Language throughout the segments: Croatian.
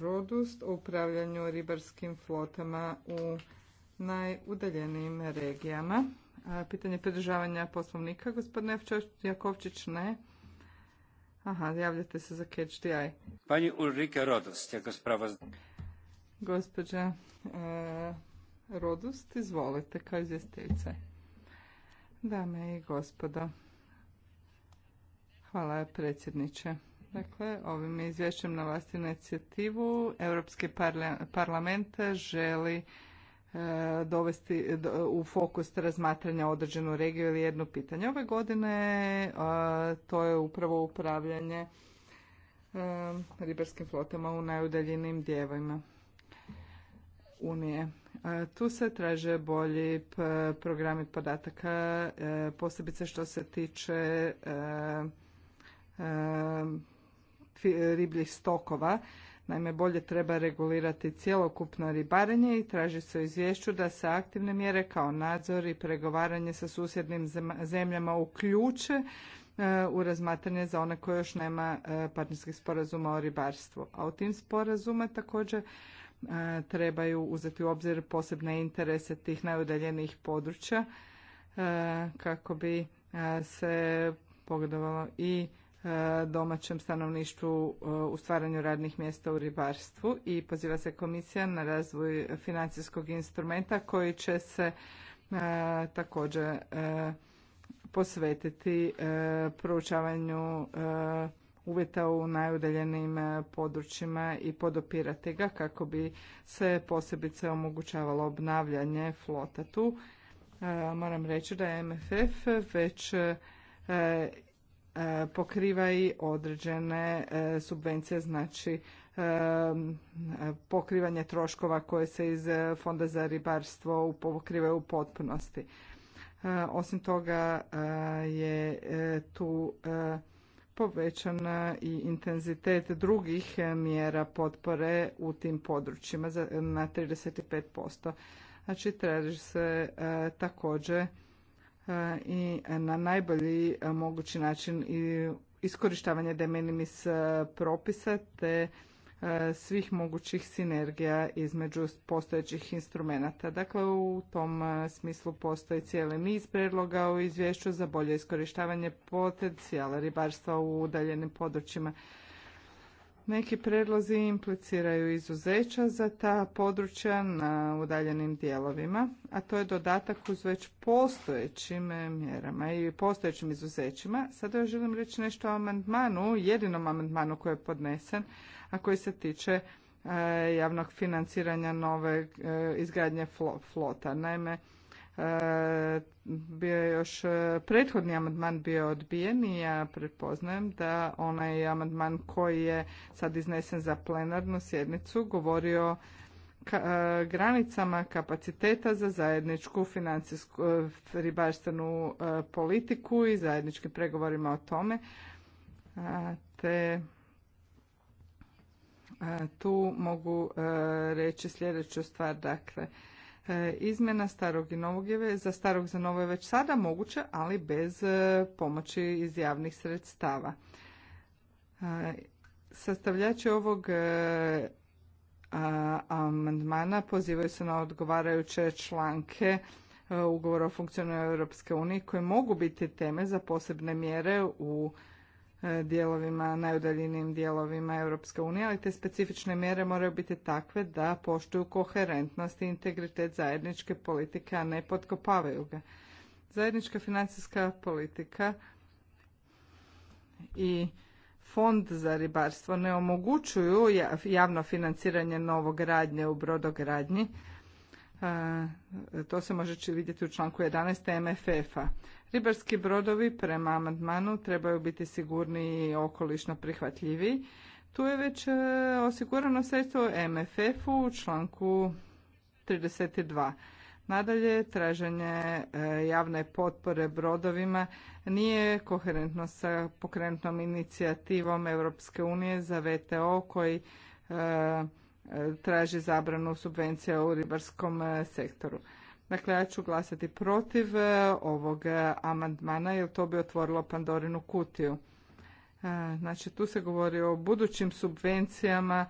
Rodust o upravljanju ribarskim flotama u najudaljenijim regijama. Pitanje pridržavanja poslovnika, gospodine Jakovčić, ne. Aha, javljate se za Catch the Eye. Pani Ulrike Rodust, jako spravo... Gospođa e, Rodust, izvolite, kao izvjestiljice. Dame i gospodo, hvala predsjedniče. Dakle, ovim izvješćem na vlastitu inicijativu Europski parlament želi e, dovesti u fokus razmatranja određenu regiju ili jedno pitanje. Ove godine e, to je upravo upravljanje e, ribarskim flotama u najudaljenim dijelovima Unije. Tu se traže bolji programi podataka, posebice što se tiče ribljih stokova. Naime, bolje treba regulirati cjelokupno ribarenje i traži se u izvješću da se aktivne mjere kao nadzor i pregovaranje sa susjednim zemljama uključe e, u razmatranje za one koje još nema e, partnerskih sporazuma o ribarstvu. A u tim sporazuma također e, trebaju uzeti u obzir posebne interese tih najudaljenijih područja kako bi se pogodovalo i E, domaćem stanovništvu e, u stvaranju radnih mjesta u ribarstvu i poziva se komisija na razvoj financijskog instrumenta koji će se e, također posvetiti proučavanju uvjeta u najudaljenim područjima i podopirati ga kako bi se posebice omogućavalo obnavljanje flota tu. Moram reći da je MFF već pokriva i određene e, subvencije, znači e, pokrivanje troškova koje se iz Fonda za ribarstvo pokrivaju u potpunosti. E, osim toga je tu povećan i intenzitet drugih mjera potpore u tim područjima na 35%. Znači traži se također E, i na najbolji e, mogući način i iskorištavanje de minimis e, propisa te svih mogućih sinergija između postojećih instrumenata. Dakle, u tom smislu postoji cijeli niz predloga u izvješću za bolje iskorištavanje potencijala ribarstva u udaljenim područjima. Neki predlozi impliciraju izuzeća za ta područja na udaljenim dijelovima, a to je dodatak uz već postojećim eh, mjerama i postojećim izuzećima. Sada još želim reći nešto o amandmanu, jedinom amandmanu koji je podnesen, a koji se tiče eh, javnog financiranja nove eh, izgradnje flota. Naime, bio je još e, prethodni amandman bio odbijen i ja prepoznajem da onaj amandman koji je sad iznesen za plenarnu sjednicu govorio o e, granicama kapaciteta za zajedničku financijsku e, ribarstvenu politiku i zajedničkim pregovorima o tome te tu mogu reći sljedeću stvar dakle E, izmjena starog i novog je za starog za novo je već sada moguće, ali bez e, pomoći iz javnih sredstava. E, sastavljači ovog amandmana pozivaju se na odgovarajuće članke ugovora o funkcioniranju Europske unije koje mogu biti teme za posebne mjere u E, dijelovima, najudaljenijim dijelovima Europske unije, ali te specifične mjere moraju biti takve da poštuju koherentnost i integritet zajedničke politike, a ne potkopavaju ga. Zajednička financijska politika i Fond za ribarstvo ne omogućuju javno financiranje novog radnje u brodogradnji, to se može vidjeti u članku 11. MFF-a. Ribarski brodovi prema amandmanu trebaju biti sigurniji i okolišno prihvatljivi. Tu je već e, osigurano sredstvo MFF-u u članku 32. Nadalje, traženje e, javne potpore brodovima nije koherentno sa pokrenutnom inicijativom Europske unije za VTO koji e, traži zabranu subvencija u ribarskom e, sektoru. Dakle, ja ću glasati protiv e, ovog e, amandmana jer to bi otvorilo Pandorinu kutiju. Znači, tu se govori o budućim subvencijama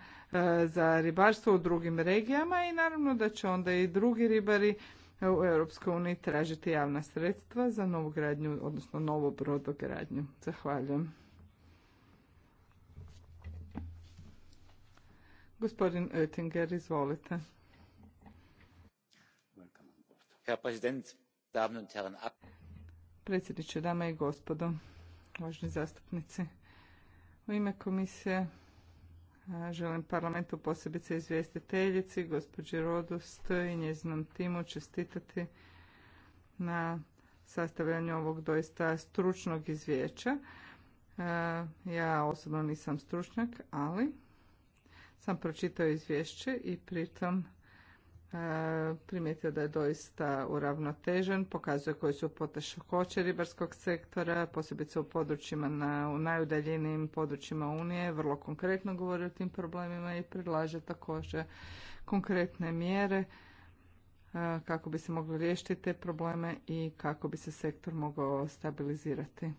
za ribarstvo u drugim regijama i naravno da će onda i drugi ribari u Europskoj uniji tražiti javna sredstva za novu gradnju, odnosno novu brodogradnju. Zahvaljujem. Gospodin Oettinger, izvolite. Predsjedniče, dame i gospodo, uvaženi zastupnici. U ime komisije želim parlamentu posebice izvjestiteljici, gospođi Rodost i njezinom timu čestitati na sastavljanju ovog doista stručnog izvješća. Ja osobno nisam stručnjak, ali sam pročitao izvješće i pritom e, primijetio da je doista uravnotežen, pokazuje koji su poteškoće ribarskog sektora, posebice u područjima na, u najudaljenijim područjima Unije, vrlo konkretno govori o tim problemima i predlaže također konkretne mjere e, kako bi se mogli riješiti te probleme i kako bi se sektor mogao stabilizirati.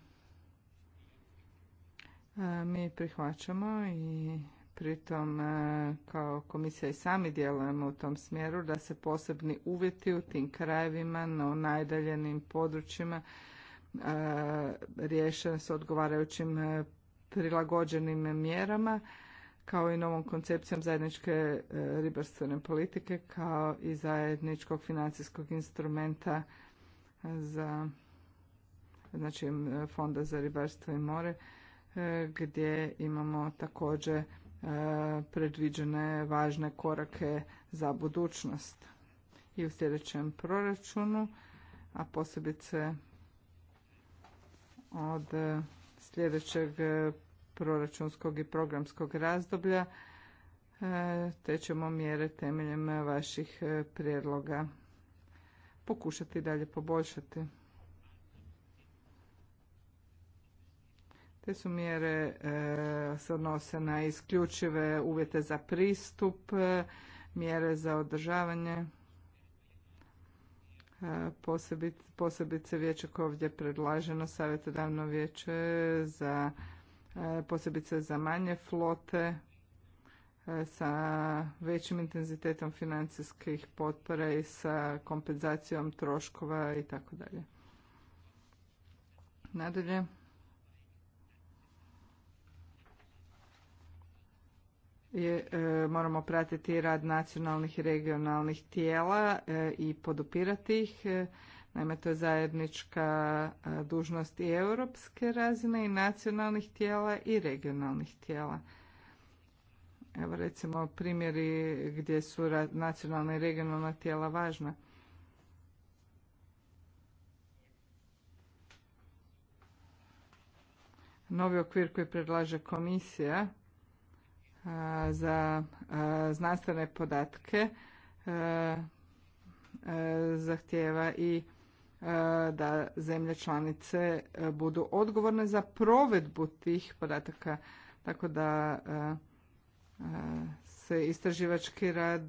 E, mi prihvaćamo i Pritom e, kao komisija i sami djelujemo u tom smjeru da se posebni uvjeti u tim krajevima na najdaljenim područjima e, riješe s odgovarajućim e, prilagođenim mjerama kao i novom koncepcijom zajedničke ribarstvene politike kao i zajedničkog financijskog instrumenta za znači fonda za ribarstvo i more gdje imamo također E, predviđene važne korake za budućnost i u sljedećem proračunu, a posebice od sljedećeg proračunskog i programskog razdoblja e, te ćemo mjere temeljem vaših prijedloga pokušati dalje poboljšati. Te su mjere e, se odnose na isključive uvjete za pristup, e, mjere za održavanje, e, Posebice, posebice vijeće koje ovdje predlaženo, savjetodavno vijeće za posebice za manje flote sa većim intenzitetom financijskih potpora i sa kompenzacijom troškova i tako dalje. Nadalje, je, e, moramo pratiti rad nacionalnih i regionalnih tijela e, i podupirati ih. E, naime, to je zajednička dužnost i europske razine i nacionalnih tijela i regionalnih tijela. Evo recimo primjeri gdje su nacionalna i regionalna tijela važna. Novi okvir koji predlaže komisija za znanstvene podatke zahtjeva i da zemlje članice budu odgovorne za provedbu tih podataka. Tako da se istraživački rad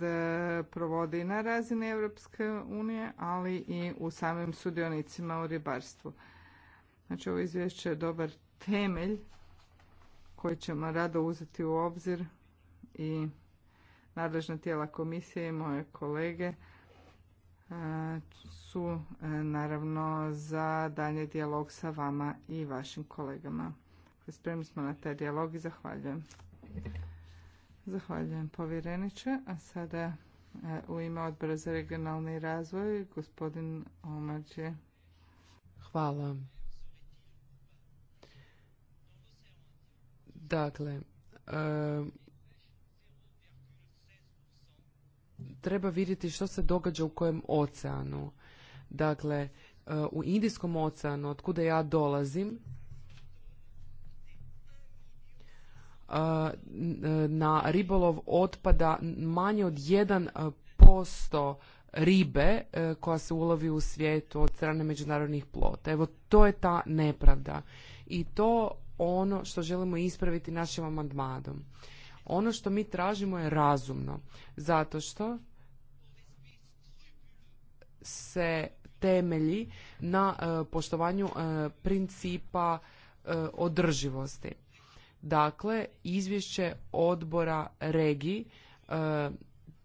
provodi na razini Europske unije, ali i u samim sudionicima u ribarstvu. Znači ovo izvješće je dobar temelj koje ćemo rado uzeti u obzir i nadležna tijela komisije i moje kolege e, su e, naravno za dalje dijalog sa vama i vašim kolegama. Spremni smo na taj dijalog i zahvaljujem. Zahvaljujem povjereniče, a sada e, u ime odbora za regionalni razvoj gospodin Omađe. Hvala Dakle, treba vidjeti što se događa u kojem oceanu. Dakle, u Indijskom oceanu, kuda ja dolazim, na ribolov otpada manje od 1% ribe koja se ulovi u svijetu od strane međunarodnih plota. Evo, to je ta nepravda. I to ono što želimo ispraviti našim amandmanom. Ono što mi tražimo je razumno, zato što se temelji na e, poštovanju e, principa e, održivosti. Dakle, izvješće odbora regiji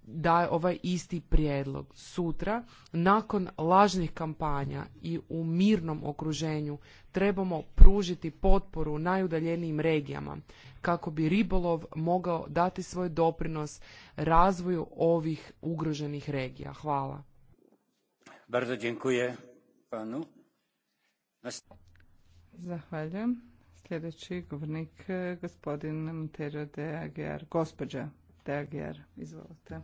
daje ovaj isti prijedlog. Sutra, nakon lažnih kampanja i u mirnom okruženju, trebamo pružiti potporu najudaljenijim regijama kako bi ribolov mogao dati svoj doprinos razvoju ovih ugroženih regija. Hvala. Bardzo dziękuję panu. Zahvaljujem. Sljedeći govornik gospodin de Gospođa Berger. Izvolite.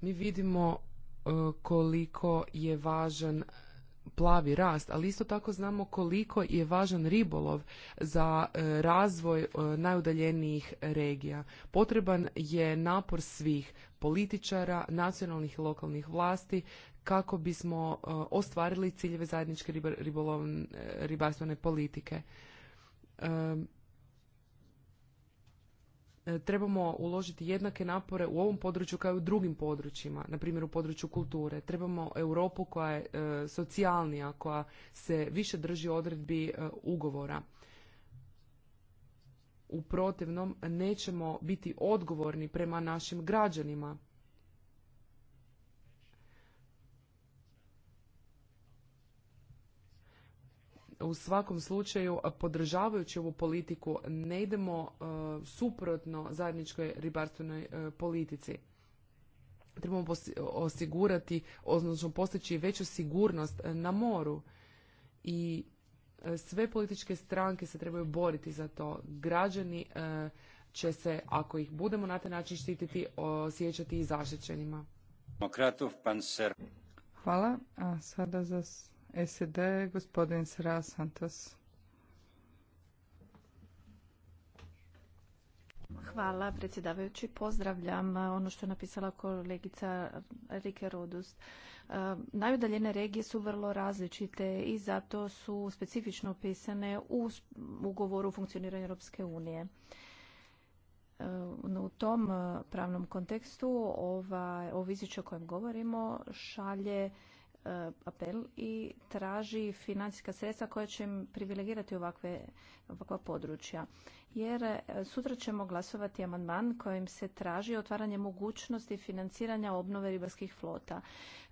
Mi vidimo e, koliko je važan plavi rast, ali isto tako znamo koliko je važan ribolov za e, razvoj e, najudaljenijih regija. Potreban je napor svih političara, nacionalnih i lokalnih vlasti kako bismo ostvarili ciljeve zajedničke ribarstvene politike. E, trebamo uložiti jednake napore u ovom području kao i u drugim područjima, na primjer u području kulture. Trebamo Europu koja je e, socijalnija, koja se više drži odredbi e, ugovora. U protivnom nećemo biti odgovorni prema našim građanima u svakom slučaju podržavajući ovu politiku ne idemo suprotno zajedničkoj ribarstvenoj politici. Trebamo osigurati, odnosno postići veću sigurnost na moru i sve političke stranke se trebaju boriti za to. Građani će se, ako ih budemo na taj način štititi, osjećati i zaštićenima. Hvala. A sada za SED, gospodin Hvala predsjedavajući. Pozdravljam ono što je napisala kolegica Rike Rodust. E, Najudaljene regije su vrlo različite i zato su specifično opisane u ugovoru o funkcioniranju Europske unije. E, u tom e, pravnom kontekstu ova, ovo o kojem govorimo šalje E, apel i traži financijska sredstva koja će im privilegirati ovakve, ovakva područja jer e, sutra ćemo glasovati amandman kojim se traži otvaranje mogućnosti financiranja obnove ribarskih flota.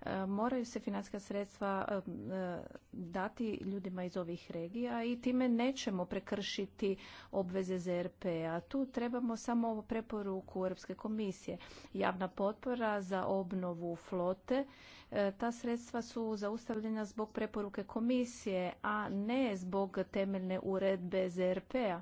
E, moraju se financijska sredstva e, dati ljudima iz ovih regija i time nećemo prekršiti obveze ZRP-a. Tu trebamo samo ovu preporuku Europske komisije. Javna potpora za obnovu flote. Ta sredstva su zaustavljena zbog preporuke komisije, a ne zbog temeljne uredbe ZRP-a.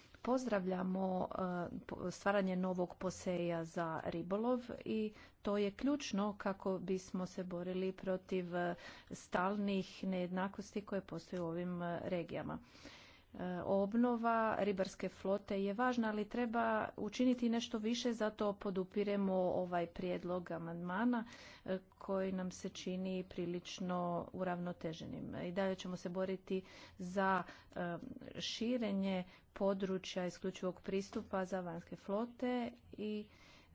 Pozdravljamo e, stvaranje novog poseja za ribolov i to je ključno kako bismo se borili protiv e, stalnih nejednakosti koje postoje u ovim e, regijama. E, obnova ribarske flote je važna, ali treba učiniti nešto više, zato podupiremo ovaj prijedlog amandmana e, koji nam se čini prilično uravnoteženim. E, I dalje ćemo se boriti za širenje područja isključivog pristupa za vanjske flote i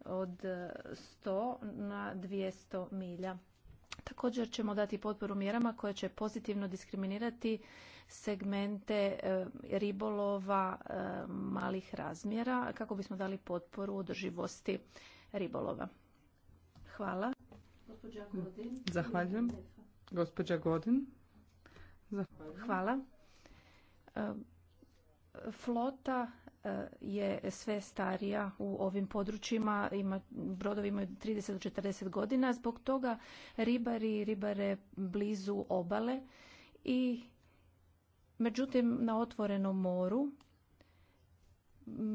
od 100 na 200 milja Također ćemo dati potporu mjerama koje će pozitivno diskriminirati segmente e, ribolova e, malih razmjera kako bismo dali potporu održivosti ribolova. Hvala. Zahvaljujem. Gospođa Godin. Hvala. E, flota Eh, je sve starija u ovim područjima, ima, brodovi imaju 30 do 40 godina, zbog toga ribari i ribare blizu obale i međutim na otvorenom moru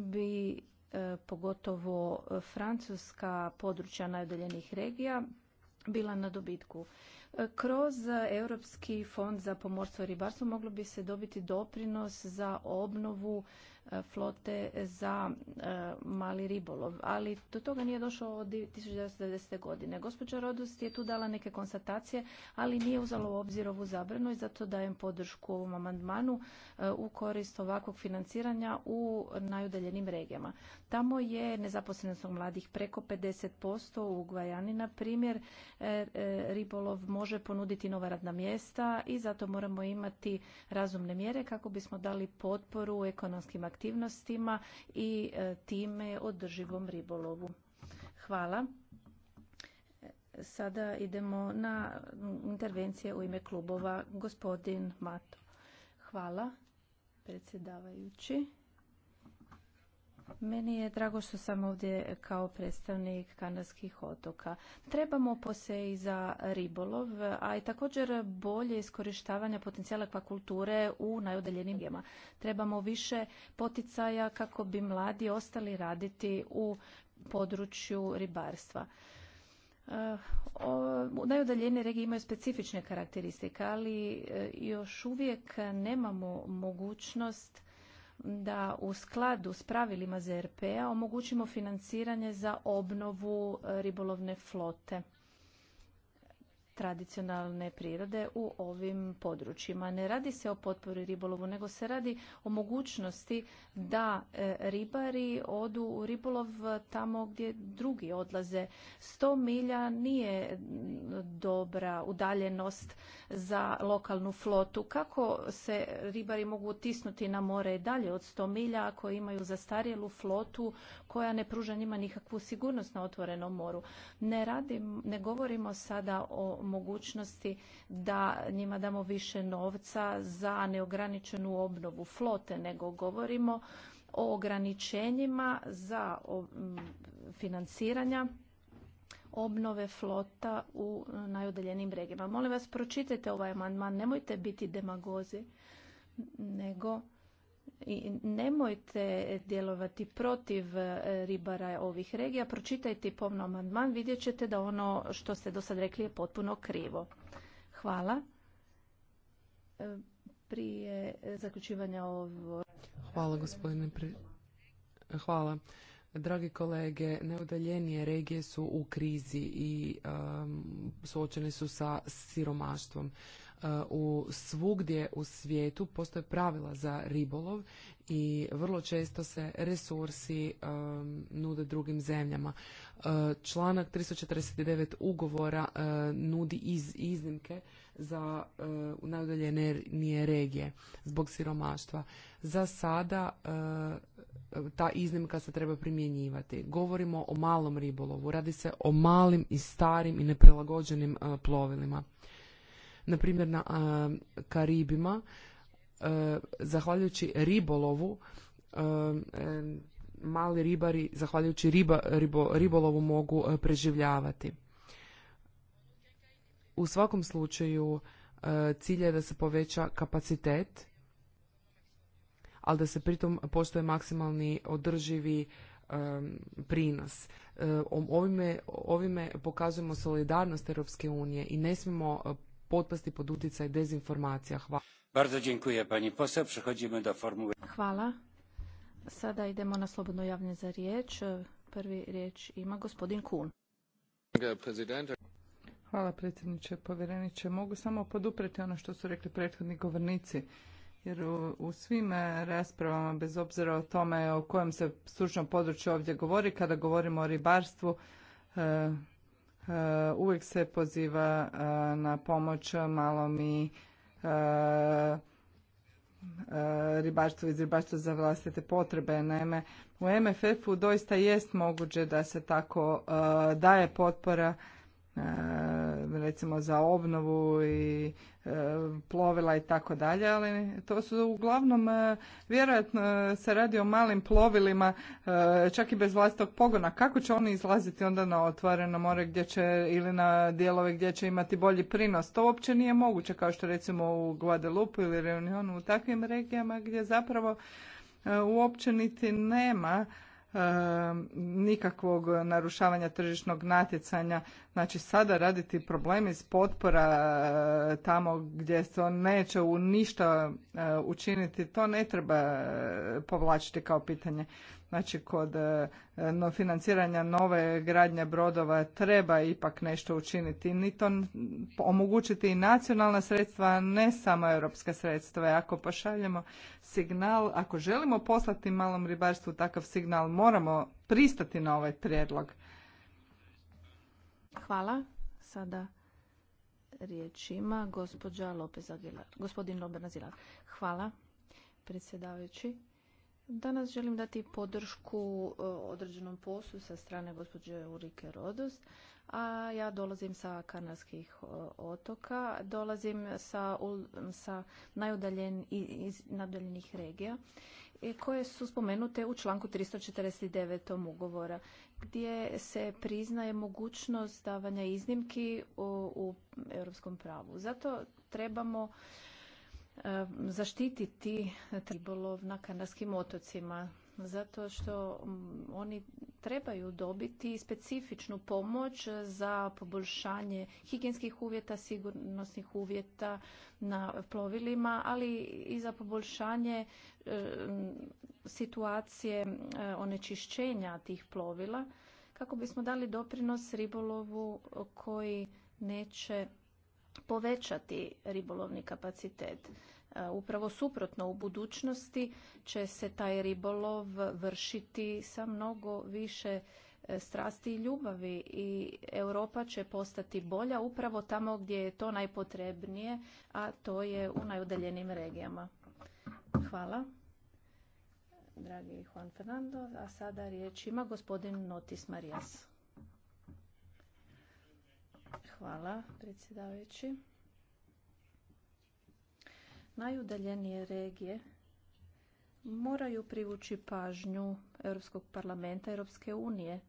bi eh, pogotovo francuska područja najudaljenih regija bila na dobitku. Eh, kroz Europski fond za pomorstvo i ribarstvo moglo bi se dobiti doprinos za obnovu E, flote za e, mali ribolov, ali do toga nije došlo od 1990. godine. Gospođa Rodost je tu dala neke konstatacije, ali nije uzela u obzir ovu zabranu i zato dajem podršku ovom amandmanu e, u korist ovakvog financiranja u najudaljenim regijama. Tamo je nezaposlenost mladih preko 50%, u Gvajani na primjer ribolov može ponuditi nova radna mjesta i zato moramo imati razumne mjere kako bismo dali potporu ekonomskim aktivnostima aktivnostima i e, time održivom ribolovu. Hvala. E, sada idemo na intervencije u ime klubova. Gospodin Mato. Hvala, predsjedavajući. Meni je drago što sam ovdje kao predstavnik Kanarskih otoka. Trebamo pose za ribolov, a i također bolje iskorištavanja potencijala akvakulture u najudaljenim regijama. Trebamo više poticaja kako bi mladi ostali raditi u području ribarstva. Eh, najudaljenije regiji imaju specifične karakteristike, ali eh, još uvijek nemamo mogućnost da u skladu s pravilima ZRP-a omogućimo financiranje za obnovu e, ribolovne flote tradicionalne prirode u ovim područjima. Ne radi se o potpori ribolovu, nego se radi o mogućnosti da e, ribari odu u ribolov tamo gdje drugi odlaze. 100 milja nije dobra udaljenost za lokalnu flotu. Kako se ribari mogu tisnuti na more dalje od 100 milja ako imaju zastarjelu flotu koja ne pruža njima nikakvu sigurnost na otvorenom moru? Ne, radi, ne govorimo sada o mogućnosti da njima damo više novca za neograničenu obnovu flote, nego govorimo o ograničenjima za financiranja obnove flota u najudaljenijim regijama. Molim vas, pročitajte ovaj amandman, nemojte biti demagozi, nego i nemojte djelovati protiv e, ribara ovih regija. Pročitajte pomno amandman, vidjet ćete da ono što ste do sad rekli je potpuno krivo. Hvala. E, prije zaključivanja ovo... Hvala gospodine Hvala. Dragi kolege, neudaljenije regije su u krizi i um, suočene su sa siromaštvom. E, u svugdje u svijetu postoje pravila za ribolov i vrlo često se resursi e, nude drugim zemljama. E, članak 349 ugovora nudi iz iznimke za uh, najudaljenije regije zbog siromaštva. Za sada ta iznimka se treba primjenjivati. Govorimo o malom ribolovu. Radi se o malim i starim i neprilagođenim plovilima na primjer na Karibima, e, zahvaljujući ribolovu, e, e, mali ribari, zahvaljujući riba, ribolovu, mogu preživljavati. U svakom slučaju, cilj je da se poveća kapacitet, ali da se pritom postoje maksimalni održivi prinos. Ovime, ovime pokazujemo solidarnost Europske unije i ne smijemo potpasti pod utjecaj dezinformacija. Hvala. dziękuję Hvala. Sada idemo na slobodno javne za riječ. Prvi riječ ima gospodin Kun. Hvala predsjedniče, povjereniče. Mogu samo podupreti ono što su rekli prethodni govornici. Jer u, svim e, raspravama, bez obzira o tome o kojem se stručnom području ovdje govori, kada govorimo o ribarstvu, e, Uh, uvijek se poziva uh, na pomoć malom i uh, ribarstvo iz ribarstva za vlastite potrebe. Naime, u MFF-u doista jest moguće da se tako daje potpora E, recimo za obnovu i e, plovila i tako dalje, ali to su uglavnom e, vjerojatno se radi o malim plovilima čak i bez vlastog pogona. Kako će oni izlaziti onda na otvoreno more gdje će ili na dijelove gdje će imati bolji prinos? To uopće nije moguće kao što recimo u Guadalupe ili Reunionu u takvim regijama gdje zapravo uopće niti nema nikakvog narušavanja tržišnog natjecanja. Znači sada raditi problem iz potpora e, tamo gdje se on neće u ništa e, učiniti, to ne treba e, povlačiti kao pitanje znači kod e, no, financiranja nove gradnje brodova treba ipak nešto učiniti. Ni to omogućiti i nacionalna sredstva, ne samo europska sredstva. E, ako pošaljemo signal, ako želimo poslati malom ribarstvu takav signal, moramo pristati na ovaj prijedlog. Hvala. Sada riječ ima gospođa Lopez Gospodin Lopez Hvala, predsjedavajući. Danas želim dati podršku e, određenom poslu sa strane gospođe Urike Rodos, a ja dolazim sa Kanarskih e, otoka, dolazim sa, sa najudaljen, iz najudaljenih regija e, koje su spomenute u članku 349. ugovora gdje se priznaje mogućnost davanja iznimki u, u europskom pravu. Zato trebamo E, zaštititi ribolov na Kanarskim otocima zato što oni trebaju dobiti specifičnu pomoć za poboljšanje higijenskih uvjeta, sigurnosnih uvjeta na plovilima, ali i za poboljšanje e, situacije e, onečišćenja tih plovila kako bismo dali doprinos ribolovu koji neće povećati ribolovni kapacitet. E, upravo suprotno, u budućnosti će se taj ribolov vršiti sa mnogo više e, strasti i ljubavi i Europa će postati bolja upravo tamo gdje je to najpotrebnije, a to je u najudaljenijim regijama. Hvala. Dragi Juan Fernando, a sada riječ ima gospodin Notis Marijas. Hvala, predsjedavajući. Najudaljenije regije moraju privući pažnju Europskog parlamenta, Europske unije.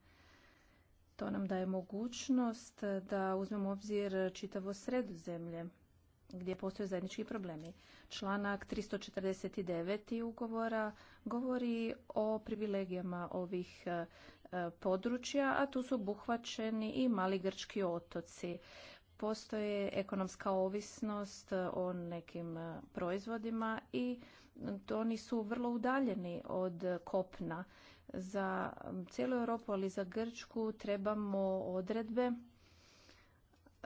To nam daje mogućnost da uzmemo obzir čitavo zemlje gdje postoje zajednički problemi. Članak 349. ugovora govori o privilegijama ovih E, područja, a tu su obuhvaćeni i mali grčki otoci. Postoje ekonomska ovisnost o nekim e, proizvodima i oni su vrlo udaljeni od kopna. Za cijelu Europu, ali za Grčku trebamo odredbe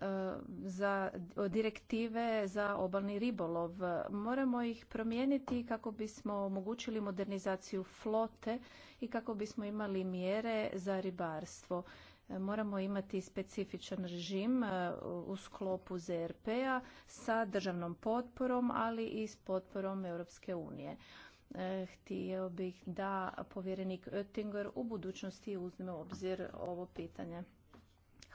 Eh, za direktive za obalni ribolov. Moramo ih promijeniti kako bismo omogućili modernizaciju flote i kako bismo imali mjere za ribarstvo. Eh, moramo imati specifičan režim eh, u sklopu ZRP-a sa državnom potporom, ali i s potporom Europske unije. Htio bih da povjerenik Oettinger u budućnosti uzme u obzir ovo pitanje.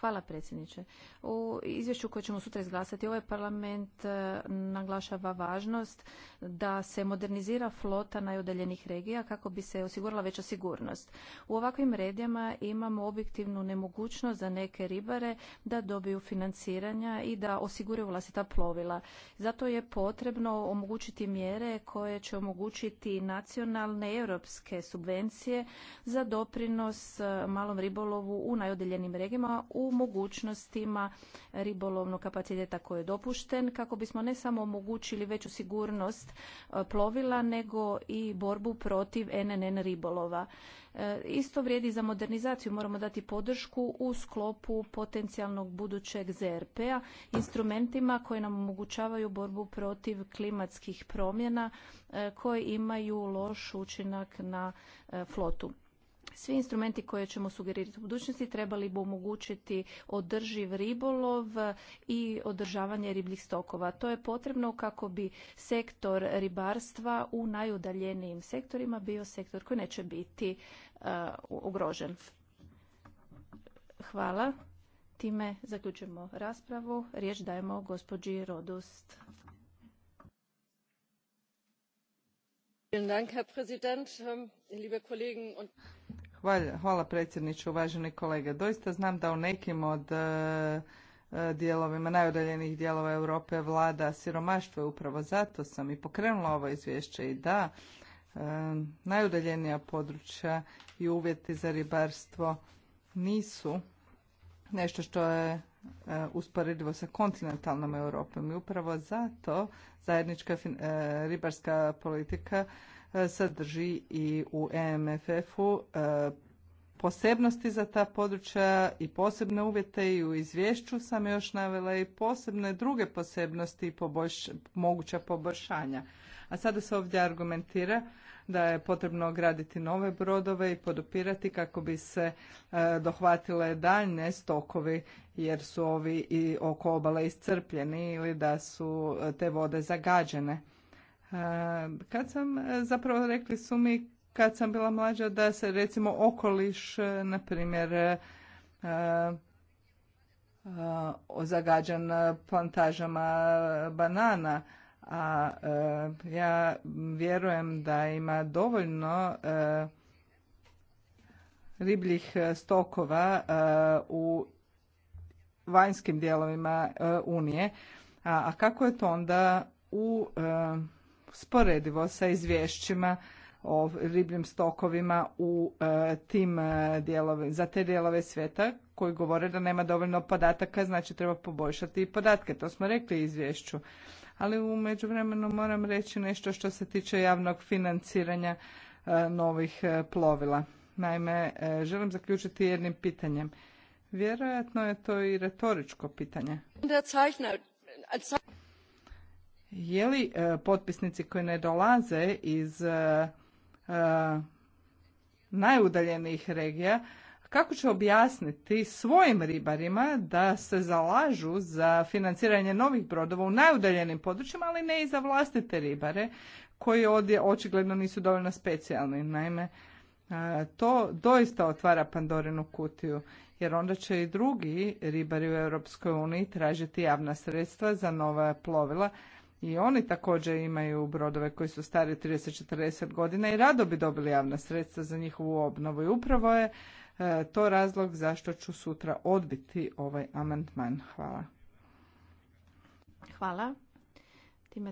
Hvala predsjedniče. U izvješću koje ćemo sutra izglasati ovaj parlament e, naglašava važnost da se modernizira flota najudaljenih regija kako bi se osigurala veća sigurnost. U ovakvim redjama imamo objektivnu nemogućnost za neke ribare da dobiju financiranja i da osiguraju vlastita plovila. Zato je potrebno omogućiti mjere koje će omogućiti nacionalne europske subvencije za doprinos e, malom ribolovu u najodaljenim regijama u mogućnostima ribolovnog kapaciteta koji je dopušten kako bismo ne samo omogućili veću sigurnost e, plovila nego i borbu protiv NNN ribolova. E, isto vrijedi za modernizaciju. Moramo dati podršku u sklopu potencijalnog budućeg ZRP-a instrumentima koji nam omogućavaju borbu protiv klimatskih promjena e, koje imaju loš učinak na flotu. Svi instrumenti koje ćemo sugerirati u budućnosti trebali bi omogućiti održiv ribolov i održavanje ribljih stokova. To je potrebno kako bi sektor ribarstva u najudaljenijim sektorima bio sektor koji neće biti e, ugrožen. Hvala. Time zaključujemo raspravu. Riječ dajemo gospođi Rodust. Dank, ähm, Hvala predsjedniče, uvaženi kolege. Doista znam da u nekim od e, e, dijelovima, najudaljenijih dijelova Europe vlada siromaštvo je upravo zato sam i pokrenula ovo izvješće i da e, najudaljenija područja i uvjeti za ribarstvo nisu nešto što je usporedivo sa kontinentalnom Europom i upravo zato zajednička ribarska politika E, sadrži i u EMFF-u e, posebnosti za ta područja i posebne uvjete i u izvješću sam još navela i posebne druge posebnosti i poboljš, moguća poboljšanja. A sada se ovdje argumentira da je potrebno graditi nove brodove i podupirati kako bi se e, dohvatile daljne stokovi jer su ovi i oko obale iscrpljeni ili da su te vode zagađene. E, kad sam, e, zapravo rekli su mi kad sam bila mlađa da se recimo okoliš, e, na primjer, zagađen plantažama banana, a ja vjerujem da ima dovoljno ribljih stokova u vanjskim dijelovima Unije. A kako je to onda u usporedivo sa izvješćima o ribljim stokovima u e, tim e, dijelovima za te dijelove svijeta koji govore da nema dovoljno podataka, znači treba poboljšati i podatke. To smo rekli izvješću. Ali u međuvremenu moram reći nešto što se tiče javnog financiranja e, novih plovila. Naime, želim zaključiti jednim pitanjem. Vjerojatno je to i retoričko pitanje. Je li e, potpisnici koji ne dolaze iz e, e, najudaljenijih regija, kako će objasniti svojim ribarima da se zalažu za financiranje novih brodova u najudaljenim područjima, ali ne i za vlastite ribare koji ovdje očigledno nisu dovoljno specijalni. Naime, to doista otvara Pandorinu kutiju, jer onda će i drugi ribari u EU tražiti javna sredstva za nova plovila, i oni također imaju brodove koji su stari 30-40 godina i rado bi dobili javna sredstva za njihovu obnovu i upravo je e, to razlog zašto ću sutra odbiti ovaj amandman. Hvala. Hvala.